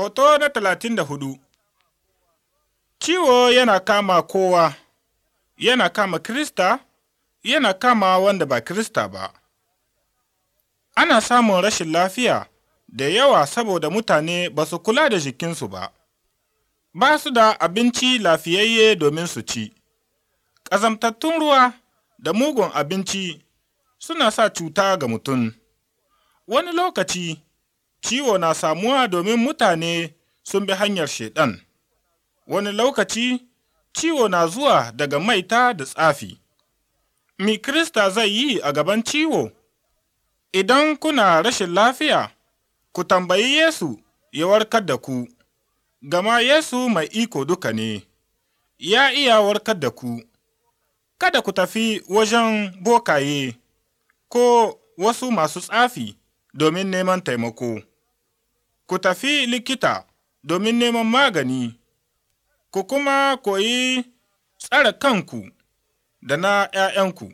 Hoto na talatin da hudu Ciwo yana kama kowa, yana kama Krista, yana kama wanda ba Krista ba. Ana samun rashin lafiya da yawa saboda mutane ba su kula da jikinsu ba, ba su da abinci lafiyayye domin su ci. Ƙazamtattun ruwa da mugun abinci suna sa cuta ga mutum. Wani lokaci, ciwo na samuwa domin mutane sun bi hanyar Shaiɗan. Wani lokaci, ciwo na zuwa daga maita da tsafi. Mi Krista zai yi a gaban ciwo? Idan kuna rashin lafiya, ku tambayi Yesu ya warkar da ku, gama Yesu mai iko duka ne, ya iya warkar da ku. Kada ku tafi wajen bokaye ko wasu masu tsafi domin neman taimako. ku tafi likita domin neman magani, ku kuma koyi tsare kanku da na ’ya'yanku.